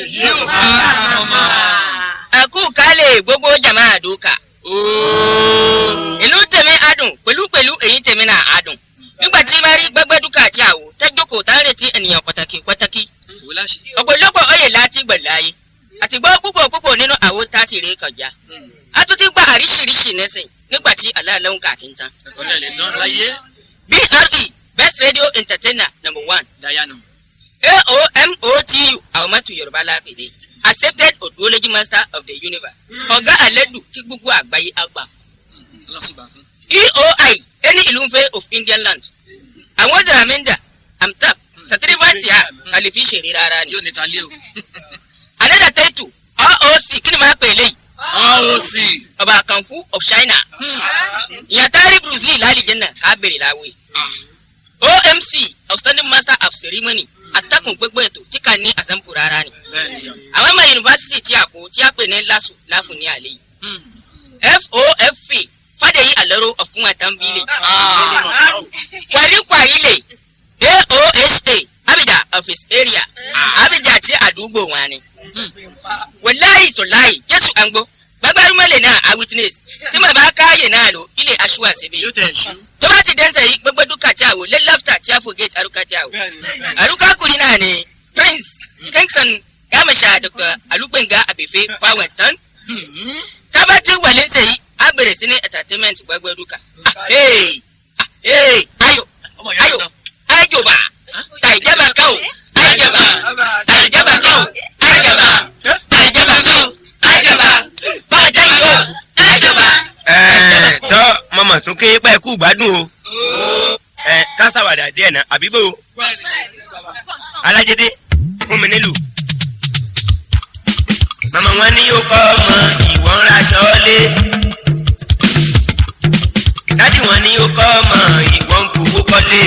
èyí ò bá kàmọ́ mọ́. àkú kálẹ̀ gbogbo jàmá àdókà. ìlú tèmi adùn pẹ̀lúpẹ̀lú èyí tèmi náà adùn nígbà tí bá rí gbẹgbẹdúkà àti àwò tẹjókòó tá ń retí ènìyàn pàtàkì pàtàkì ọ̀pọ̀lọpọ̀ oyè láti gbẹ̀láyé àti gbọ́ púpọ̀ púpọ̀ nínú àwo tá a ti rè kọjá a tún ti gba àríṣiríṣi nẹ́sìn nígbà tí aláàlẹ́hùn kàkí ń tán. ọ̀tẹ̀lẹ̀ tán láyé. BRE Best Radio Entertainer Number One. dayanu aomotu ahomatu yorùbá lápèdè accepted odology master of the universe ọ̀gá àlẹ́dù tí gbogbo àgbáyé àgbà eoi ẹni ìlú ń fẹ́ of indian land àwọn dàmínda amtap satirifati ha kàlífì ṣeré rárá ni. another title roc kí ni màá pè é léyìí. roc ọba kanku of china yàtàrí bruce lee lálẹ́ jẹ́nà á bèrè láwé ah. omc outstanding master of ceremony attakun gbogbo ètò tí kà ní àsẹ́mpù rárá ni. àwọn ọmọ yunifásitì tí a kó tí a pè ní lasu láfún ní àlẹ́ yìí fofa fàdéyí àlọ́rọ̀ ọ̀fun àtàǹbílẹ̀ kwari kwarile aoha abidjan of his area abidjan ti àdúgbò wọn ni. wòláyì tòláyì jésù àgbo gbàgbárùmọ̀lẹ̀ náà i witness tí màmá káyè náà lò ilé aṣọ àṣẹbí tó bá ti dẹ́sẹ̀ yìí gbogbo dúkà tí a wò lé lọ́fítà tí a fò gé àrùkà tí a wò àrùkà kùnrin náà ni prince kingston gámẹ̀ṣà dr alúgbẹ̀ngà àbẹ̀fẹ́ fáwẹ̀tán tábà ti wà lẹ́sẹ̀ yìí á bẹ̀rẹ̀ sí ní entertainment gbogbo dúkà. Ah, kú gbádùn o ẹ kásàwàdà díẹ̀ náà àbí bò alájẹdẹ fún mi nílùú. màmá wọn ní yóò kọ́ ọmọ ìwọ̀n raṣọ lé dádì wọn ní yóò kọ́ ọmọ ìwọ̀n kòwó kọ́lé.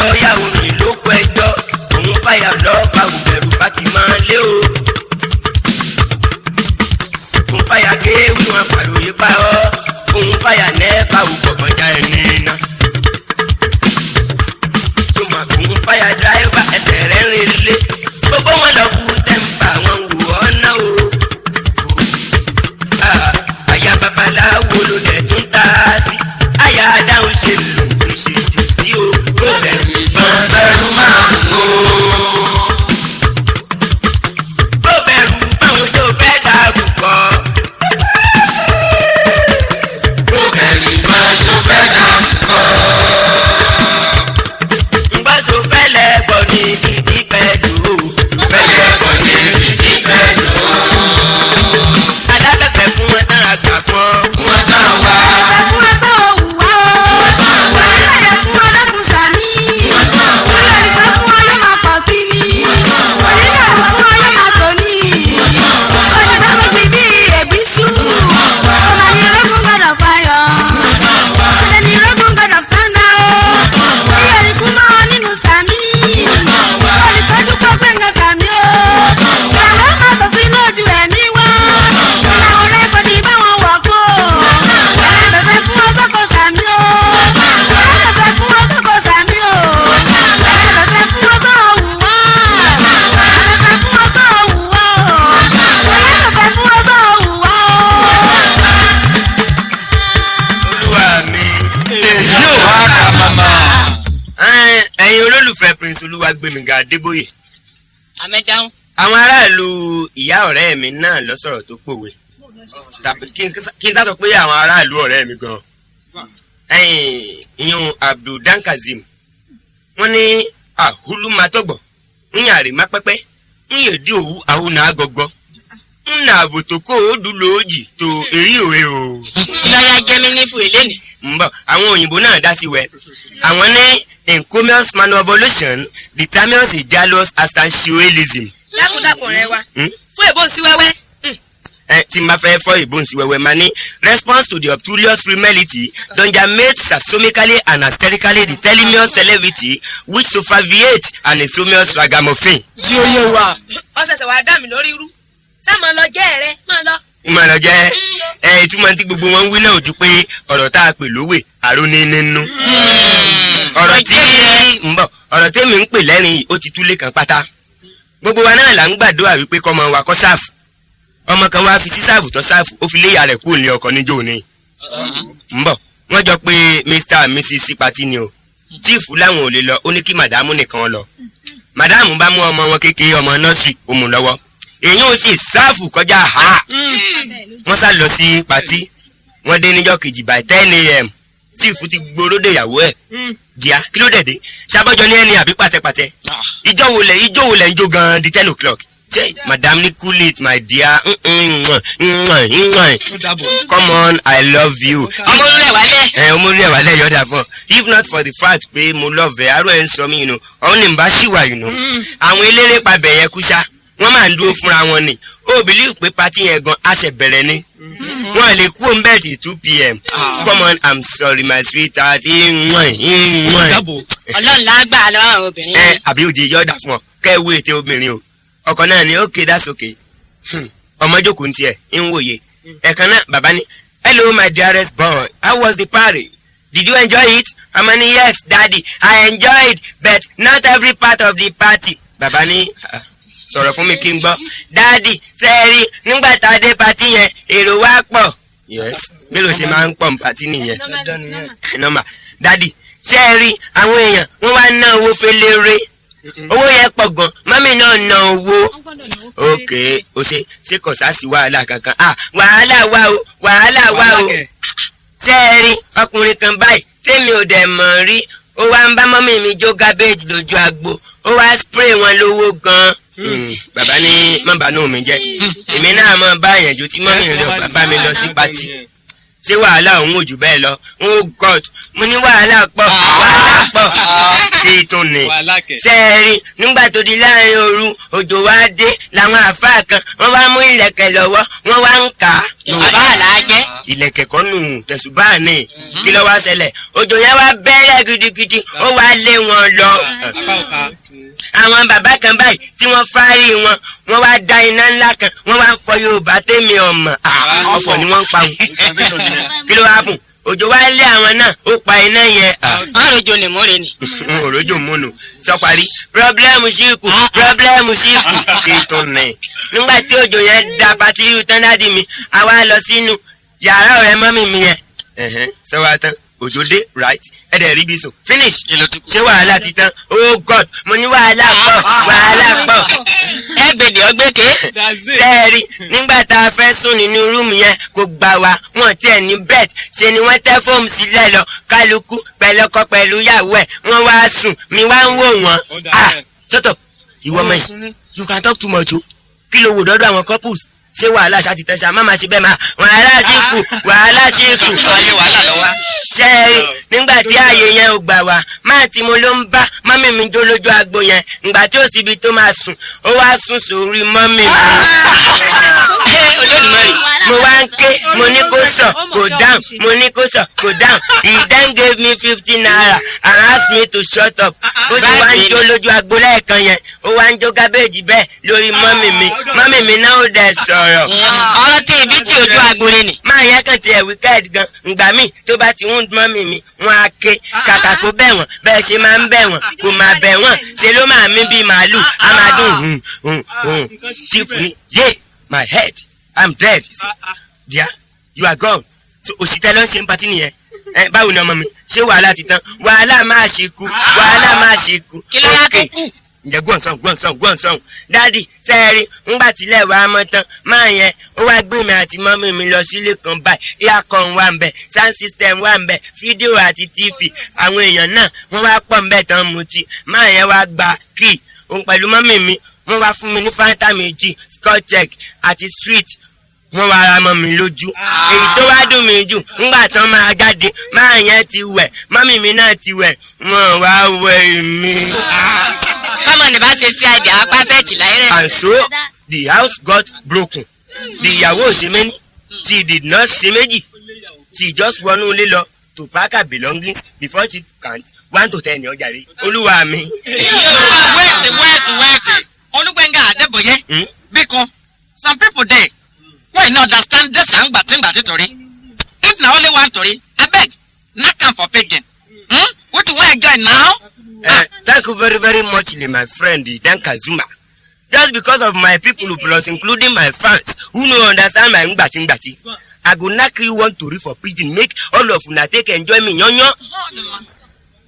lọ́ọ́yà òyìn ló kọ ẹjọ́ òun fàyà lọ́ọ́ pa òbẹ̀rù Fatima lé o. mrs olúwàgbẹmíga adébóyè. àmẹ́dáhùn. àwọn aráàlú ìyá ọ̀rẹ́ mi náà lọ sọ̀rọ̀ tó pòwe tàbí kí n sá sọ pé àwọn aráàlú ọ̀rẹ́ mi gan-an ìyún abduldan kazeem wọ́n ní àhúlù máa tọ̀gbọ̀ ń yàn àrèmá pẹ́pẹ́ ń yèdí òwú àhúnà àgọ́gọ́ ń nà àbòtòkó òdu lòójì tó èyí òwe o. lọ́yà jẹ́mi ní fún èlé ni. ń bọ̀ àwọn òyìnbó náà dá sí wẹ̀ àwọn ní encomious manoevolution determines a jealous astantialism. dákúndàkùn rẹ wa hmm? fún èbó sí wẹ́wẹ́. ẹ hmm. eh, tí n bá fẹ́ fọ́ èbó sí wẹ́wẹ́ máa ní response to the obtuse primality conjugate sassomically and asterically the telomerase televity which superviates an ensomious ragamuffin. jí o yé wa. ọ̀sẹ̀sẹ̀ wàá dá mi lórí irú sáà máa lọ jẹ́ ẹ̀rẹ́ máa lọ ìmọ̀ràn jẹ́ ẹ hmm. eh, ìtumọ̀ tí gbogbo wọn ń wí náà ojú pé ọ̀rọ̀ tá a pè lówè àrò ní nínú ọ̀rọ̀ tí ń bọ̀ ọ̀rọ̀ tẹ́mi ń pè lẹ́rìn yìí ó ti túlé kan pátá gbogbo wa náà là ń gbàdúrà wípé kọ́mọ wa kọ́ sáàfù ọmọ kan wá fi sí sáàfù tó sáàfù ó fi léyà rẹ̀ kúrò ní ọkọ̀ níjó ni ń wọ́n jọ pé mr and mrs sípàtì ni o tíìfù làwọn ò lè lọ ó ní kí màdámù nìkan lọ màdámù bá mú ọmọ wọn kékeré ọmọ nọ́ọ̀sì òmù lọ́wọ́ èyí ò sì sáàfù kọjá ha mm. wọ́n sá lọ sí pàtì wọ́n dé níjọ́ kejì by ten am tíìfù ti gbolóde ìyàwó ẹ̀ díà hmm. kí ló dẹ̀dẹ̀ ṣàbọ̀jọ ní ẹni àbí pàtẹ́pàtẹ́ ìjọ ah. wo lẹ̀ ìjọ wo lẹ̀ ìjọ gan di ten o'clock ṣe madam ni cool it my dear come on i love you. ọmọ orí ẹ̀ wálẹ̀. ẹ ọmọ orí ẹ̀ wálẹ̀ yọ̀dà fún ọ if not for the fact pé mo love ẹ aró ẹ̀ ń sọ mí yìí nù ọ̀hún ni bá ṣì wà yìí nù hmm. àwọn eléré pa bẹ̀yẹ kú wọ́n máa ń dúró fúnra wọn ni ó bìlíù pé pati yẹn gan aṣẹ bẹ̀rẹ̀ ni wọ́n lè kú bẹ́ẹ̀ tí two pm ah. come on i'm sorry my sweet. sweetheart ìwọ̀n ìwọ̀n. ọlọ́run lágbà lọ́wọ́ obìnrin. ẹ àbí òjì yọ̀dà fún ọ kẹ́wé ètè obìnrin o ọkọ náà ni okay that's okay hmm. ọmọ jókòó tiẹ̀ ń wòye ẹ̀kan náà bàbá ni hello my dearest boy. how was the party did you enjoy it i'm an yes daddy i enjoyed but not every part of the party bàbá ni. Uh, sọ̀rọ̀ fún mi kí n gbọ́. dáàdì sẹ́ẹ̀rì nígbà tá a dé patí yẹn èrò wa pọ̀. yes bí ló ṣe máa ń pọ̀ patí nìyẹn. nọ́mà dáàdì sẹ́ẹ̀rì àwọn èèyàn wọ́n wá ná owó fẹlẹ́rẹ́ owó yẹn pọ̀ gan mọ́mí náà ná owó. ok o ṣe ṣe kò sá wàhálà kankan ah wàhálà wà o wàhálà wà o sẹ́ẹ̀rì ọkùnrin kan báyìí tèmi ò dẹ̀ mọ̀ rí ó wá ń bá mọ́mì mi jó gábéèjì lójú agbo ó wá spray wọn lówó gan-an hmm. Hmm. bàbá ní má bàánú mi jẹ hmm. èmi náà mọ báyẹn ju tí mọ́mí rẹ bàbá mi lọ sí pati ṣé wàhálà òun ò jù bẹ́ẹ̀ lọ n oh ó god mo ní wàhálà pọ̀ wàhálà pọ̀ títún ni sẹ́ẹ̀rì nígbà tó di láàrin òru òjò wá dé làwọn àáfàá kan wọ́n wá mú ìlẹ̀kẹ̀ lọ́wọ́ wọ́n wá ń kà ìlẹ̀kẹ̀ kọ́nù tẹ̀sùbáà ni mm-hmm. kí ló wá ṣẹlẹ̀ òjò yẹn wá bẹ́rẹ̀ gidigidi mm-hmm. ó wá lé wọn lọ. Mm-hmm. àwọn bàbá kan báyìí tí wọ́n fárí wọn wọ́n wá da iná ńlá kan wọ́n wá fọ yorùbá tèmi ọmọ ah, ọ̀fọ̀ ni wọ́n ń pa wọn kí ló wá bùn òjò wá lé àwọn náà ó pa iná yẹn. ọ̀rọ̀jò ah. ni mo rè ni. ọ̀rọ̀jò múnu sọparí pírọ́blẹ́mù síkù ah, pírọ́blẹ́mù síkù kì í tún mẹ́. nígbà tí òjò yẹn da pàtírí tán dádì mi àwa lọ sínú yàrá ọ̀rẹ́ mọ́mì mi yẹn. sọ wa tán òjò dé right ẹ dẹ̀ rí bí so finish ṣé wàhálà ti tán oh god mo ní wàhálà pọ̀ wàhálà pọ̀ ẹ gbèdè ọgbẹ́kẹ́ sẹ́ẹ̀rì nígbà tá a fẹ́ sùn nínú rúùmù yẹn kò gbà wá wọn tiẹ̀ ní bẹ́ẹ̀t ṣe ni wọ́n tẹ́ fóòmù sílẹ̀ lọ kálukú pẹ̀lọ́kọ pẹ̀lú yàwó ẹ̀ wọ́n wá sùn mi wá ń wò wọ́n. Ah, sọ́tọ̀ ìwọ mẹ́yìn you can talk too much o kí ló wò dọ́dọ̀ àwọn couples ṣé wàhálà ṣá ti tẹ́ ṣá má máa ṣe bẹ́ẹ̀ máa wàhálà ṣì kù wàhálà ṣì kù. ayé wàhálà lọ wá. ṣe é rí nígbà tí ààyè yẹn ò gbà wá máa tí mo ló ń bá mọ́mì mi jó lójú agbo yẹn ìgbà tí ò síbi tó máa sùn ó wá sùn sórí mọ́mì mi. Ah! mọ́rì mo wá ń ké mo ní kó sàn kò dáhùn mo ní kó sàn kò dáhùn he then gave me fifty naira and asked me to shut up ó sì wá ń jó lójú agbo lẹ́ẹ̀kan yẹn ó wá ń jó gábéèjì bẹ́ẹ̀ lórí mọ́mì mi mọ́mì mi náà ó dẹ̀ sọ̀rọ̀. ọ̀rọ̀ tí ibi tí ojú agbore ni. máa yẹ kàn tiẹ̀ wíkẹ́ẹ̀d gan ǹgbà míì tó bá ti ń mọ́mì mi wọ́n á ké kàkà kó bẹ̀ wọ́n bẹ́ẹ̀ ṣe máa ń bẹ̀ wọ́n kò máa bẹ̀ wọ́n ṣe ló máa mí bíi màálù á máa dùn hùn hùn hùn chief ni yé my head i'm dead ah, ah. dear you are gone so òṣìṣẹ́ ló ń ṣe ń patí nìyẹn ẹ báwo ni ọmọ mi ṣé wàhálà ti tán wàhálà máa ṣe kú ah. wàhálà máa ṣe kú ok ǹjẹ́ gbọ̀nsán gbọ̀nsán gbọ̀nsán dáàdì sẹ́ẹ̀rì ńgbà tílẹ̀ wàá mọ́ tán máa yẹn ó wá gbé mi àti mọ́mí mi lọ sílé kan báyìí aircon wà ń bẹ̀ sound system wà ń bẹ̀ fídíò àti tv àwọn èèyàn náà wọ́n wá pọ̀ ń bẹ̀ tán mutí máa yẹn wá gba kí òun pẹ̀lú mọ́mí mi wọ́n wá fún mi ní fanta méjì scotch egg àti sweet wọ́n wá ra mọ́ mi lójú ah. èyí tó wá dùn mí jù ńgbà tán máa jáde máa yẹn ti wẹ̀ mọ́mì mi náà ti wẹ̀ wọ́n wá wẹ̀ mí. kọ́mọ̀ ní bá ṣe sí àdì àwọn pàfẹ́ẹ̀tì láyẹ̀rẹ̀. and so the house got broken the ìyàwó ò ṣe she did not ṣe méjì she just wọnú ilé lọ to pack her belongings before she count one to ten ní ọjà rẹ olúwa mi. wait wait wait olúgbẹ̀ngà àdébòye. nothing but torí if na only one story, I beg, knack come for pidgin hmm? what you wan join now. Uh, thank you very very much, my friend dan kazuma just because of my people plus including my fans who know understand my ngbatingbati i go not you one story for pidgin make all of una take enjoy me yanyan.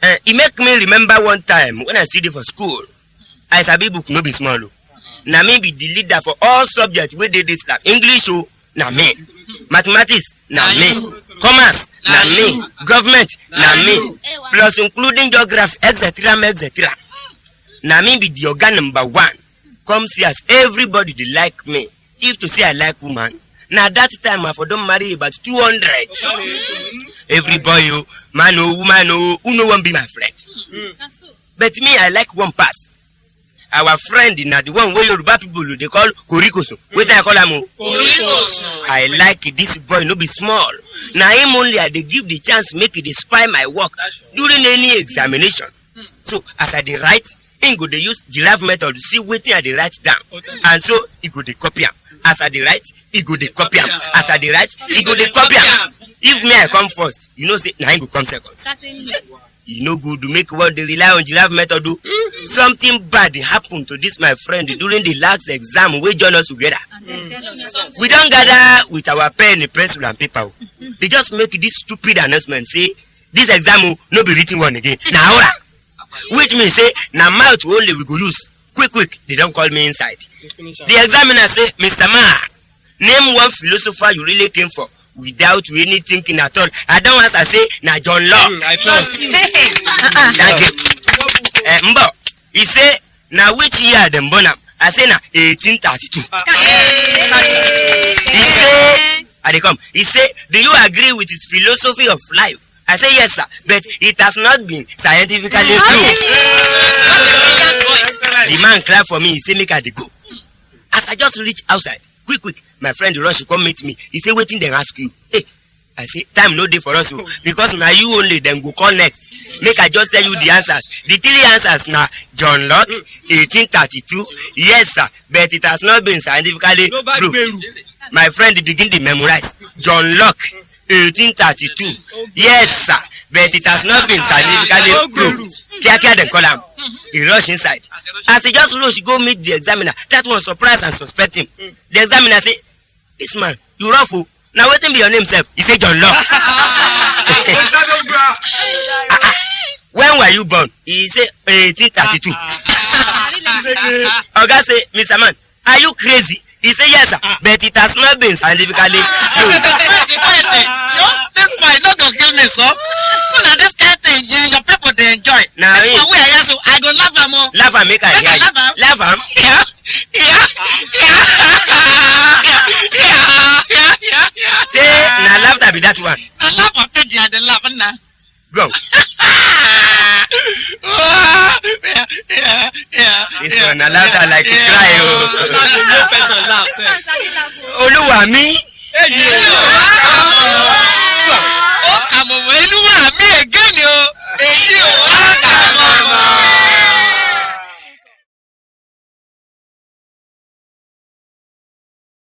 Uh, It make me remember one time when i still for school i sabi book no be small o na me be the leader for all subjects wey dey dis life english o na me mathematics na me commerce na me government na me plus including geography etc etc na me be the oga number one come see as everybody dey like me if to say i like woman na that time i for don marry about two hundred Every boy o oh, man o oh, woman o oh, who no wan be my friend mm. but me i like one pass our friend na the one wey yoruba people dey call korikoso wetin i call am o. korikoso. i like dis boy no be small na him only i dey give the chance make he dey spy my work during any examination so as i dey write him go dey use giraffe method to see wetin i dey write down and so he go dey copy am as i dey write he go dey copy am as i dey write he go dey copy am if me i come first you know say na him go come second e no good to make one dey rely on giraffe method o mm-hmm. something bad happen to this my friend during the last exam wey join us together we don gather with our pen pencil and paper o mm-hmm. they just make this stupid announcement say this exam o no be written one again na oral which mean say na mouth only we go use quick quick they don call me inside the examiner say mr ma name one philosopher you really came for without really thinking at all i don answer say na john law mm, i trust you thank you uh, mbọ he say na which year dem born am i say na eighteen thirty two ah, ah. he say i dey come he say do you agree with his philosophy of life i say yes sir but it has not been scientifically mm, proved the man cry for me he say make i dey go as i just reach outside quick quick my friend rush come meet me he say wetin dem ask you hey i say time no dey for us o oh. because na you only dem go call next make i just tell you the answers the three answers na john locke eighteen thirty two yes sir but it has not been scientifically proved my friend begin dey memorize john locke eighteen thirty two yes sir but it has not been scientifically ah, proved ah, ah, kíákíá dem call am he rush inside as he just rush go meet the examiner that one surprise and suspect him hmm. the examiner say this man you rough o oh. na wetin be your name sef he say john Locke." when were you born he say eighteen thirty two oga say mr man are you crazy he say yes sir but it has not been scientifically proved. this one no go kill me so so na this kind thing you, your people dey enjoy na this one wey i hear so i go laugh am o oh. laugh am make i hear you laugh am. Yeah. Yeah. Yeah. say na laughter be that one. na laugh of the day i dey laugh na. go. Oh, yeah, yeah, yeah, this one na laughter yeah, like yeah, cry o. na the new person laugh sef. oluwa mi. Hey, yeah. Yeah. Yeah. Yeah. Yeah. Yeah.